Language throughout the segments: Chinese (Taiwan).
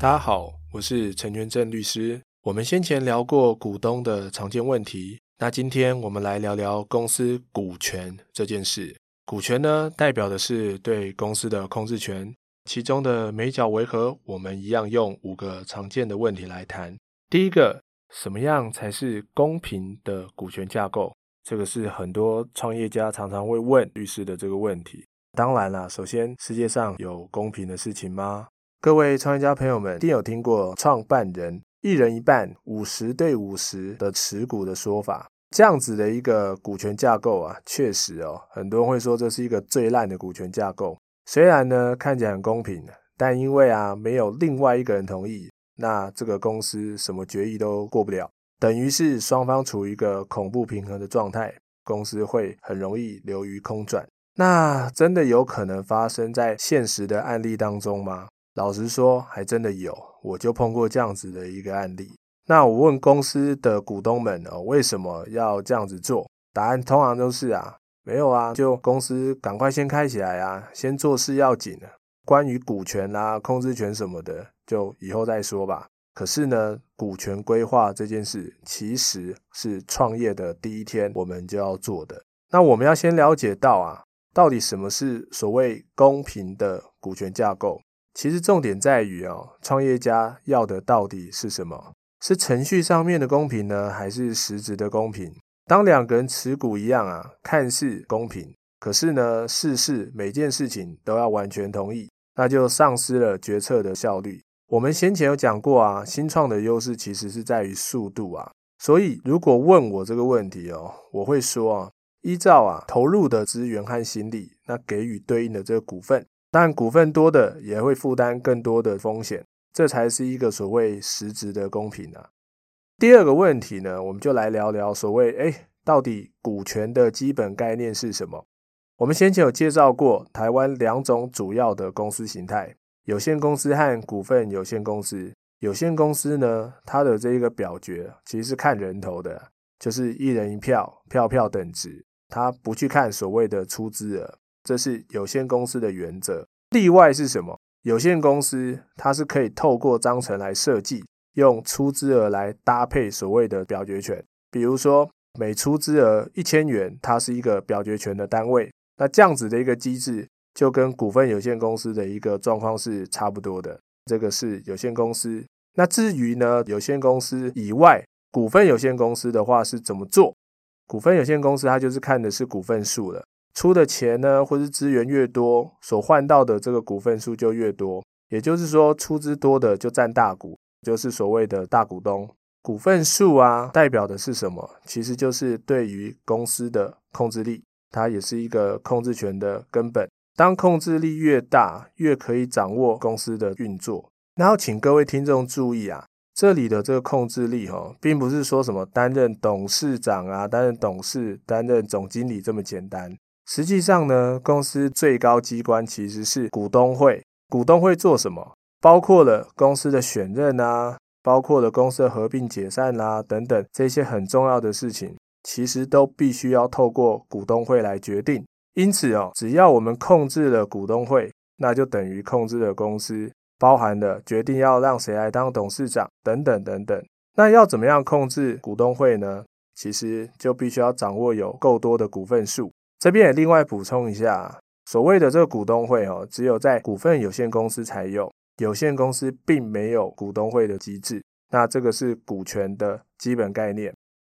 大家好，我是陳全正律師。我們先前聊過股東的常見問題，那今天我們來聊聊公司股權這件事。股權呢，代表的是對公司的控制權。其中的眉角為何？我們一樣用五個常見的問題來談。第一個，什麼樣才是公平的股權架構？這個是很多創業家常常會問律師的這個問題。當然啦，首先世界上有公平的事情嗎？各位創業家朋友們，一定有聽過創辦人一人一半五十對五十的持股的說法，這樣子的一個股權架構啊，確實哦，很多人會說這是一個最爛的股權架構。雖然呢，看起來很公平，但因為啊沒有另外一個人同意，那這個公司什麼決議都過不了，等於是雙方處於一個恐怖平衡的狀態，公司會很容易流於空轉。那真的有可能發生在現實的案例當中嗎？老實說，還真的有，我就碰過這樣子的一個案例。那我問公司的股東們哦，為什麼要這樣子做？答案通常都是啊，沒有啊，就公司趕快先開起來啊，先做事要緊了。關於股權啊、控制權什麼的，就以後再說吧。可是呢，股權規劃這件事，其實是創業的第一天我們就要做的。那我們要先了解到啊，到底什麼是所謂公平的股權架構？其實重點在於哦，創業家要的到底是什麼？是程序上面的公平呢，還是實質的公平？當兩個人持股一樣啊，看似公平，可是呢，事事、每件事情都要完全同意，那就喪失了決策的效率。我們先前有講過啊，新創的優勢其實是在於速度啊。所以如果問我這個問題哦，我會說啊，依照啊投入的資源和心力，那給予對應的這個股份。但股份多的也會負擔更多的風險，這才是一個所謂實質的公平啊。第二個問題呢，我們就來聊聊所謂哎，到底股權的基本概念是什麼？我們先前有介紹過台灣兩種主要的公司形態：有限公司和股份有限公司。有限公司呢，它的這一個表決其實是看人頭的，就是一人一票，票票等值，它不去看所謂的出資額。這是有限公司的原則。例外是什麼？有限公司它是可以透過章程來設計，用出資額來搭配所謂的表決權。比如說，每出資額一千元，它是一個表決權的單位。那這樣子的一個機制，就跟股份有限公司的一個狀況是差不多的。這個是有限公司。那至於呢，有限公司以外，股份有限公司的話是怎麼做？股份有限公司它就是看的是股份數了，出的錢呢，或是資源越多，所換到的這個股份數就越多。也就是說，出資多的就占大股，就是所謂的大股東。股份數啊，代表的是什麼？其實就是對於公司的控制力，它也是一個控制權的根本。當控制力越大，越可以掌握公司的運作。然後，請各位聽眾注意啊，這裡的這個控制力哦，並不是說什麼擔任董事長啊、擔任董事、擔任總經理這麼簡單。實際上呢，公司最高機關其實是股東會。股東會做什麼？包括了公司的選任啊，包括了公司的合併、解散啦、啊、等等這些很重要的事情，其實都必須要透過股東會來決定。因此哦，只要我們控制了股東會，那就等於控制了公司，包含了決定要讓誰來當董事長等等等等。那要怎麼樣控制股東會呢？其實就必須要掌握有夠多的股份數。這邊也另外補充一下，所謂的這個股東會哦，只有在股份有限公司才有，有限公司並沒有股東會的機制。那這個是股權的基本概念。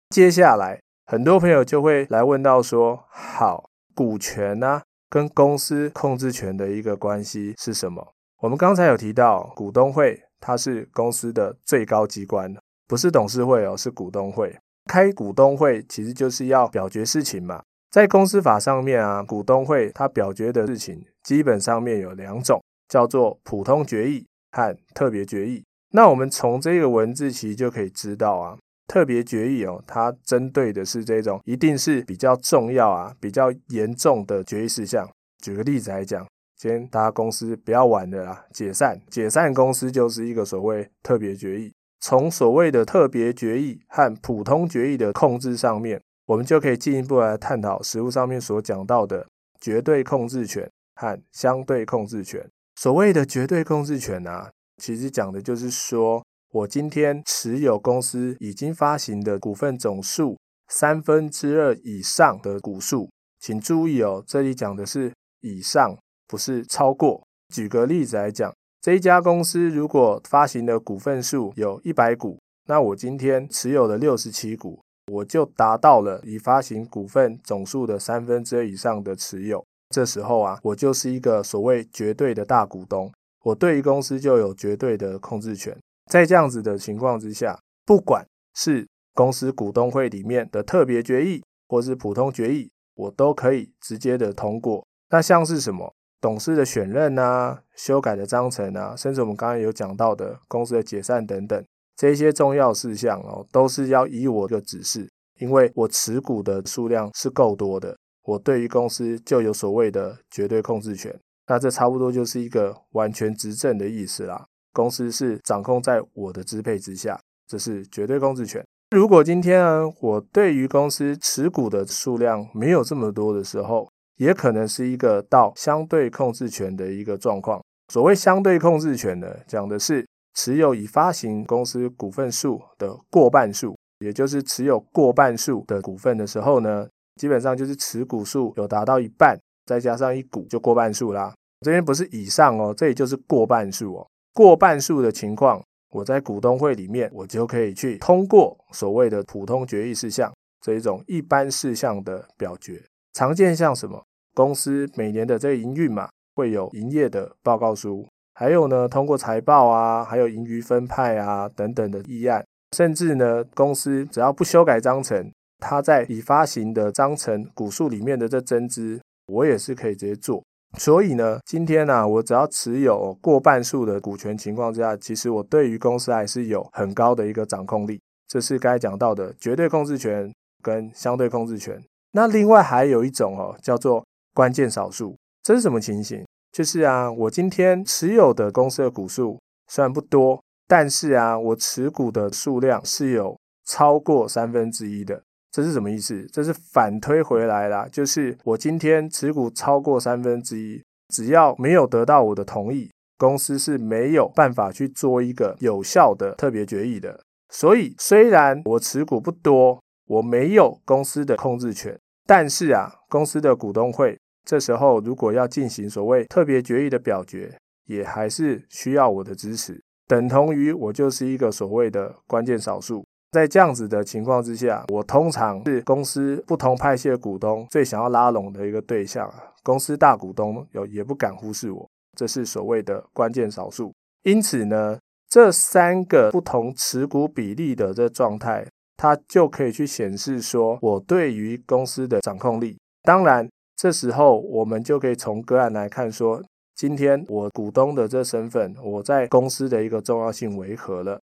接下來，很多朋友就會來問到說：“好，股權呢啊跟公司控制權的一個關係是什麼？”我們剛才有提到，股東會它是公司的最高機關，不是董事會哦，是股東會。開股東會其實就是要表決事情嘛。在公司法上面啊，股東會他表決的事情，基本上面有兩種，叫做普通決議和特別決議。那我們從這個文字其實就可以知道啊，特別決議哦，它針對的是這種一定是比較重要啊、比較嚴重的決議事項。舉個例子來講，先大家公司不要玩了啦，解散，解散公司就是一個所謂特別決議。從所謂的特別決議和普通決議的控制上面。我們就可以進一步來探討實務上面所講到的絕對控制權和相對控制權。所謂的絕對控制權啊，其實講的就是說我今天持有公司已經發行的股份總數三分之二以上的股數。請注意哦，這裡講的是以上，不是超過。舉個例子來講，這一家公司如果發行的股份數有一百股，那我今天持有的六十七股，我就達到了已發行股份總數的三分之二以上的持有，這時候啊，我就是一個所謂絕對的大股東，我對於公司就有絕對的控制權。在這樣子的情況之下，不管是公司股東會裡面的特別決議，或是普通決議，我都可以直接的通過。那像是什麼董事的選任吶、啊、修改的章程啊，甚至我們剛剛有講到的公司的解散等等。這些重要事項哦，都是要以我的指示，因為我持股的數量是夠多的，我對於公司就有所謂的絕對控制權。那這差不多就是一個完全執政的意思啦，公司是掌控在我的支配之下，這是絕對控制權。如果今天啊，我對於公司持股的數量沒有這麼多的時候，也可能是一個到相對控制權的一個狀況。所謂相對控制權呢，講的是，持有已發行公司股份數的過半數，也就是持有過半數的股份的時候呢，基本上就是持股數有達到一半，再加上一股就過半數啦。這邊不是以上哦，這裡就是過半數哦。過半數的情況，我在股東會裡面，我就可以去通過所謂的普通決議事項，這一種一般事項的表決。常見像什麼？公司每年的這個營運嘛，會有營業的報告書。還有呢，通過財報啊，還有盈餘分派啊等等的議案，甚至呢，公司只要不修改章程，它在已發行的章程股數裡面的這增資，我也是可以直接做。所以呢，今天啊，我只要持有過半數的股權情況之下，其實我對於公司還是有很高的一個掌控力。這是該講到的絕對控制權跟相對控制權。那另外還有一種哦，叫做關鍵少數，這是什麼情形？就是啊，我今天持有的公司的股數雖然不多，但是啊，我持股的數量是有超過三分之一的。這是什麼意思？這是反推回來啦，就是我今天持股超過三分之一，只要沒有得到我的同意，公司是沒有辦法去做一個有效的特別決議的。所以，雖然我持股不多，我沒有公司的控制權，但是啊，公司的股東會。這時候，如果要進行所謂特別決議的表決，也還是需要我的支持，等同於我就是一個所謂的關鍵少數。在這樣子的情況之下，我通常是公司不同派系的股東最想要拉攏的一個對象。公司大股東有也不敢忽視我，這是所謂的關鍵少數。因此呢，這三個不同持股比例的這狀態，它就可以去顯示說我對於公司的掌控力。當然。這時候我們就可以從個案來看，說今天我股東的這身份，我在公司的一個重要性為何了。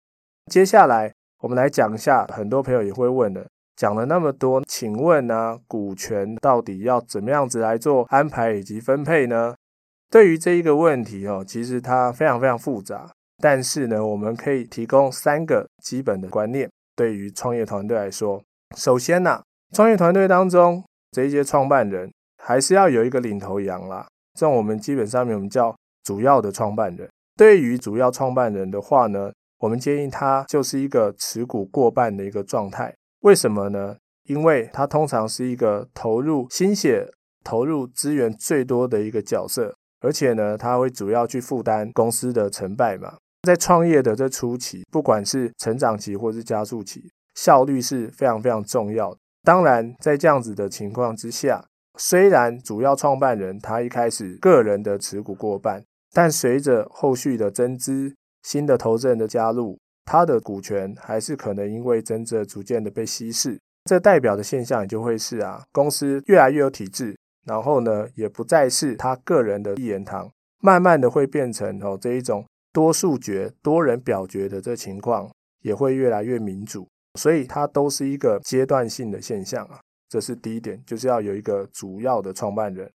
接下來我們來講一下，很多朋友也會問的，講了那麼多，請問呢，股權到底要怎麼樣子來做安排以及分配呢？對於這一個問題哦，其實它非常非常複雜，但是呢，我們可以提供三個基本的觀念。對於創業團隊來說，首先呢，創業團隊當中這些創辦人。還是要有一個領頭羊啦，像我們基本上面，我們叫主要的創辦人。對於主要創辦人的話呢，我們建議他就是一個持股過半的一個狀態。為什麼呢？因為他通常是一個投入心血、投入資源最多的一個角色，而且呢，他會主要去負擔公司的成敗嘛。在創業的這初期，不管是成長期或是加速期，效率是非常非常重要的。當然，在這樣子的情況之下，雖然主要創辦人他一開始個人的持股過半，但隨着後續的增資、新的投資人的加入，他的股權還是可能因為增資逐漸的被稀釋。這代表的現象也就會是啊，公司越來越有體制，然後呢，也不再是他個人的一言堂，慢慢的會變成哦這一種多數決、多人表決的這情況，也會越來越民主。所以它都是一個階段性的現象啊。這是第一點，就是要有一個主要的創辦人。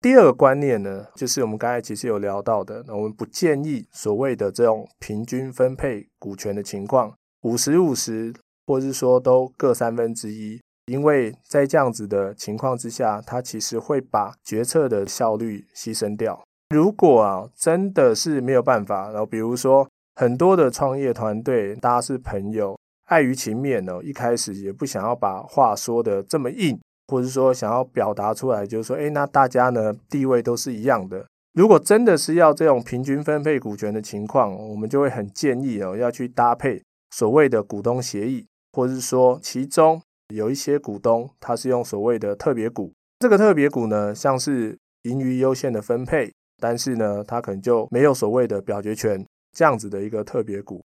第二個觀念呢，就是我們剛才其實有聊到的，那我們不建議所謂的這種平均分配股權的情況，五十五十，或是說都各三分之一，因為在這樣子的情況之下，它其實會把決策的效率犧牲掉。如果啊，真的是沒有辦法，然後比如說很多的創業團隊，大家是朋友。礙於情面呢，一開始也不想要把話說得這麼硬，或者說想要表達出來，就是說，哎、欸，那大家呢地位都是一樣的。如果真的是要這種平均分配股權的情況，我們就會很建議哦要去搭配所謂的股東協議，或者是說其中有一些股東他是用所謂的特別股。這個特別股呢，像是盈餘優先的分配，但是呢，他可能就沒有所謂的表決權這樣子的一個特別股。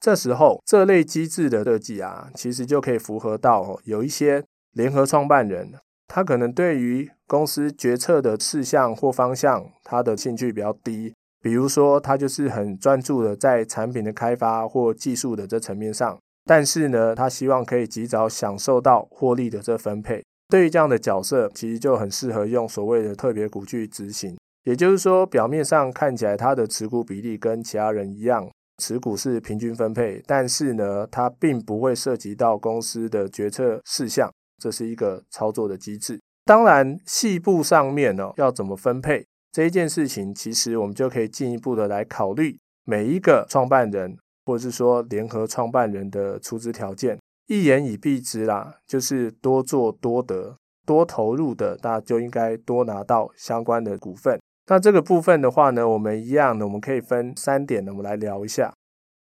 這時候，這類機制的設計啊，其實就可以符合到、哦、有一些聯合創辦人，他可能對於公司決策的事項或方向，他的興趣比較低。比如說，他就是很專注的在產品的開發或技術的這層面上，但是呢，他希望可以及早享受到獲利的這分配。對於這樣的角色，其實就很適合用所謂的特別股去執行。也就是說，表面上看起來他的持股比例跟其他人一樣。持股是平均分配，但是呢，它並不會涉及到公司的決策事項，這是一個操作的機制。當然，細部上面呢、哦，要怎麼分配這一件事情，其實我們就可以進一步的來考慮每一個創辦人或者是說聯合創辦人的出資條件。一言以蔽之啦，就是多做多得，多投入的，大家就應該多拿到相關的股份。那這個部分的話呢，我們一樣的，我們可以分三點呢，我們來聊一下。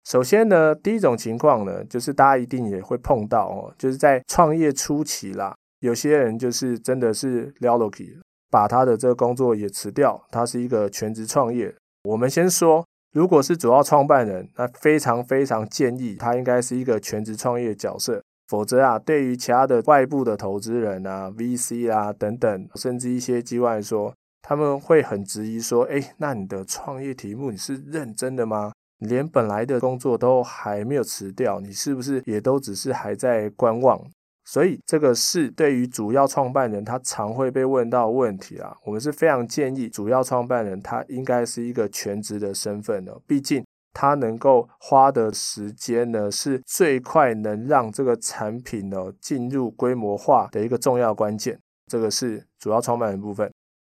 首先呢，第一種情況呢，就是大家一定也會碰到哦，就是在創業初期啦，有些人就是真的是撩落去，把他的這個工作也辭掉，他是一個全職創業。我們先說，如果是主要創辦人，那非常非常建議他應該是一個全職創業角色，否則啊，對於其他的外部的投資人啊、VC 啊等等，甚至一些機構來說。他們會很質疑說：“哎，那你的創業題目你是認真的嗎？你連本來的工作都還沒有辭掉，你是不是也都只是還在觀望？”所以，這個是對於主要創辦人他常會被問到問題啦、啊。我們是非常建議主要創辦人他應該是一個全職的身份哦，畢竟他能夠花的時間呢，是最快能讓這個產品呢、哦、進入規模化的一個重要關鍵。這個是主要創辦人部分。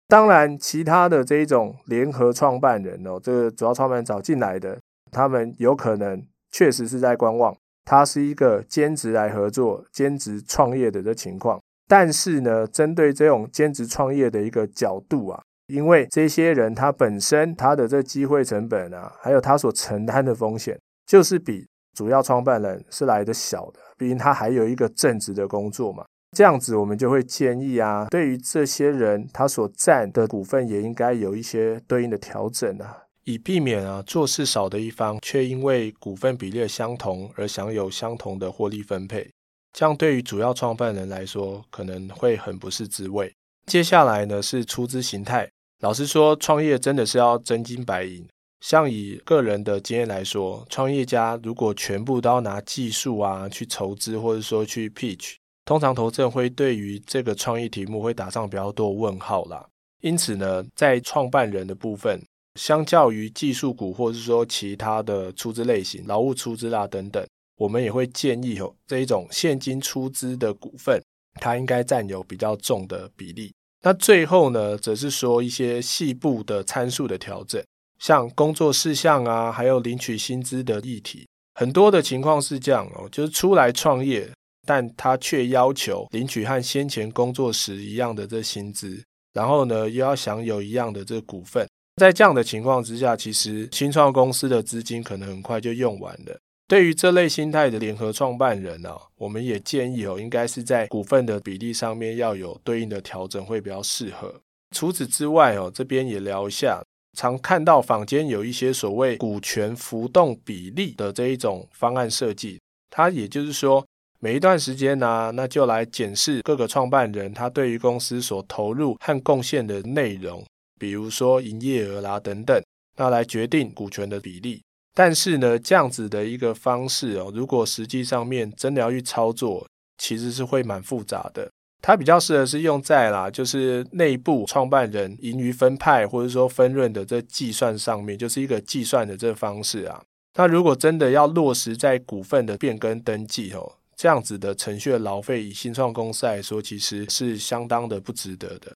當然，其他的這一種聯合創辦人哦，這個主要創辦人找進來的，他們有可能確實是在觀望，他是一個兼職來合作、兼職創業的這情況。但是呢，針對這種兼職創業的一個角度啊，因為這些人他本身他的這機會成本啊，還有他所承擔的風險，就是比主要創辦人是來得小的，畢竟他還有一個正職的工作嘛。這樣子，我們就會建議啊，對於這些人，他所佔的股份也應該有一些對應的調整啊，以避免啊做事少的一方卻因為股份比例相同而享有相同的獲利分配。這樣對於主要創辦人來說，可能會很不是滋味。接下來呢，是出資型態。老實說，創業真的是要真金白銀。像以個人的經驗來說，創業家如果全部都要拿技術啊去籌資，或者說去 pitch。通常投資人會對於這個創意題目會打上比較多問號啦，因此呢，在創辦人的部分，相較於技術股或是說其他的出資類型、勞務出資啦、啊、等等，我們也會建議哦這一種現金出資的股份，它應該占有比較重的比例。那最後呢，則是說一些細部的參數的調整，像工作事項啊，還有領取薪資的議題，很多的情況是這樣哦，就是出來創業，但他卻要求領取和先前工作時一樣的這薪資，然後呢，又要享有一樣的這股份。在這樣的情況之下，其實新創公司的資金可能很快就用完了。對於這類心態的聯合創辦人呢，啊，我們也建議哦，應該是在股份的比例上面要有對應的調整，會比較適合。除此之外哦，這邊也聊一下，常看到坊間有一些所謂股權浮動比例的這一種方案設計，它也就是說。每一段時間呢、啊，那就來檢視各個創辦人他對於公司所投入和貢獻的內容，比如說營業額啦、啊、等等，那來決定股權的比例。但是呢，這樣子的一個方式哦，如果實際上面真的要去操作，其實是會蠻複雜的。它比較適合是用在啦，就是內部創辦人盈餘分派或者說分潤的這計算上面，就是一個計算的這方式啊。那如果真的要落實在股份的變更登記哦，這樣子的程序的勞費，以新創公司來說，其實是相當的不值得的。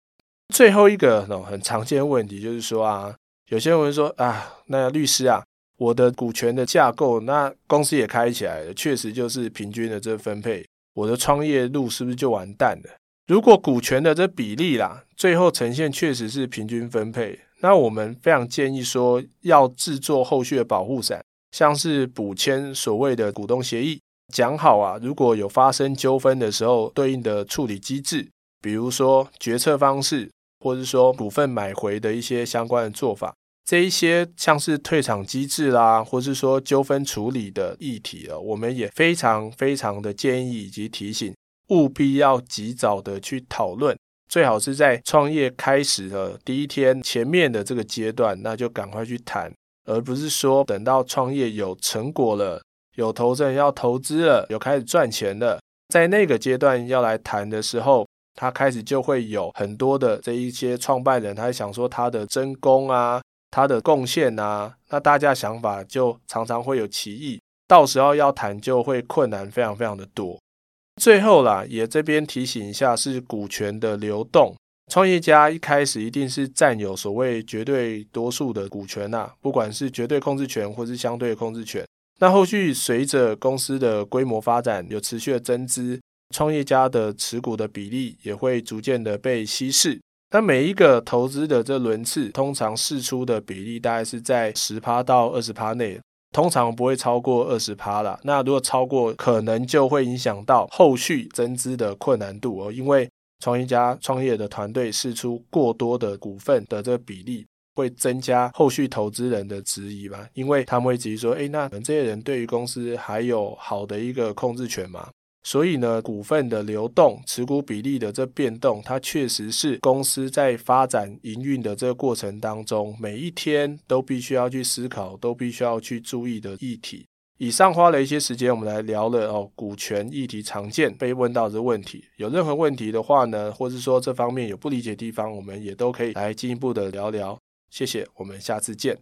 最後一個很常見的問題就是說啊，有些人說啊，那個、律師啊，我的股權的架構，那公司也開起來了，確實就是平均的這分配，我的創業路是不是就完蛋了？如果股權的這比例啦，最後呈現確實是平均分配，那我們非常建議說要製作後續的保護傘，像是補簽所謂的股東協議。講好啊，如果有發生糾紛的時候，對應的處理機制，比如說決策方式，或是說股份買回的一些相關的做法，這一些像是退場機制啦，或是說糾紛處理的議題了啊，我們也非常非常的建議以及提醒，務必要及早的去討論，最好是在創業開始的第一天，前面的這個階段，那就趕快去談，而不是說等到創業有成果了。有投資人要投資了，有開始賺錢了，在那個階段要來談的時候，他開始就會有很多的這一些創辦人，他會想說他的真功啊，他的貢獻啊，那大家想法就常常會有歧義，到時候要談就會困難非常非常的多。最後啦，也這邊提醒一下，是股權的流動，創業家一開始一定是占有所謂絕對多數的股權吶、啊，不管是絕對控制權或是相對控制權。那後續隨着公司的規模發展，有持續的增資，創業家的持股的比例也會逐漸的被稀釋。那每一個投資的這輪次，通常釋出的比例大概是在十趴到二十趴內，通常不會超過二十趴啦。那如果超過，可能就會影響到後續增資的困難度哦，因為創業家創業的團隊釋出過多的股份的這個比例，會增加後續投資人的質疑嗎，因為他們會質疑說：“哎，那你們這些人對於公司還有好的一個控制權嗎？”所以呢，股份的流動、持股比例的這變動，它確實是公司在發展營運的這個過程當中，每一天都必須要去思考、都必須要去注意的議題。以上花了一些時間，我們來聊了哦，股權議題常見被問到的問題。有任何問題的話呢，或是說這方面有不理解的地方，我們也都可以來進一步的聊聊。謝謝，我們下次見。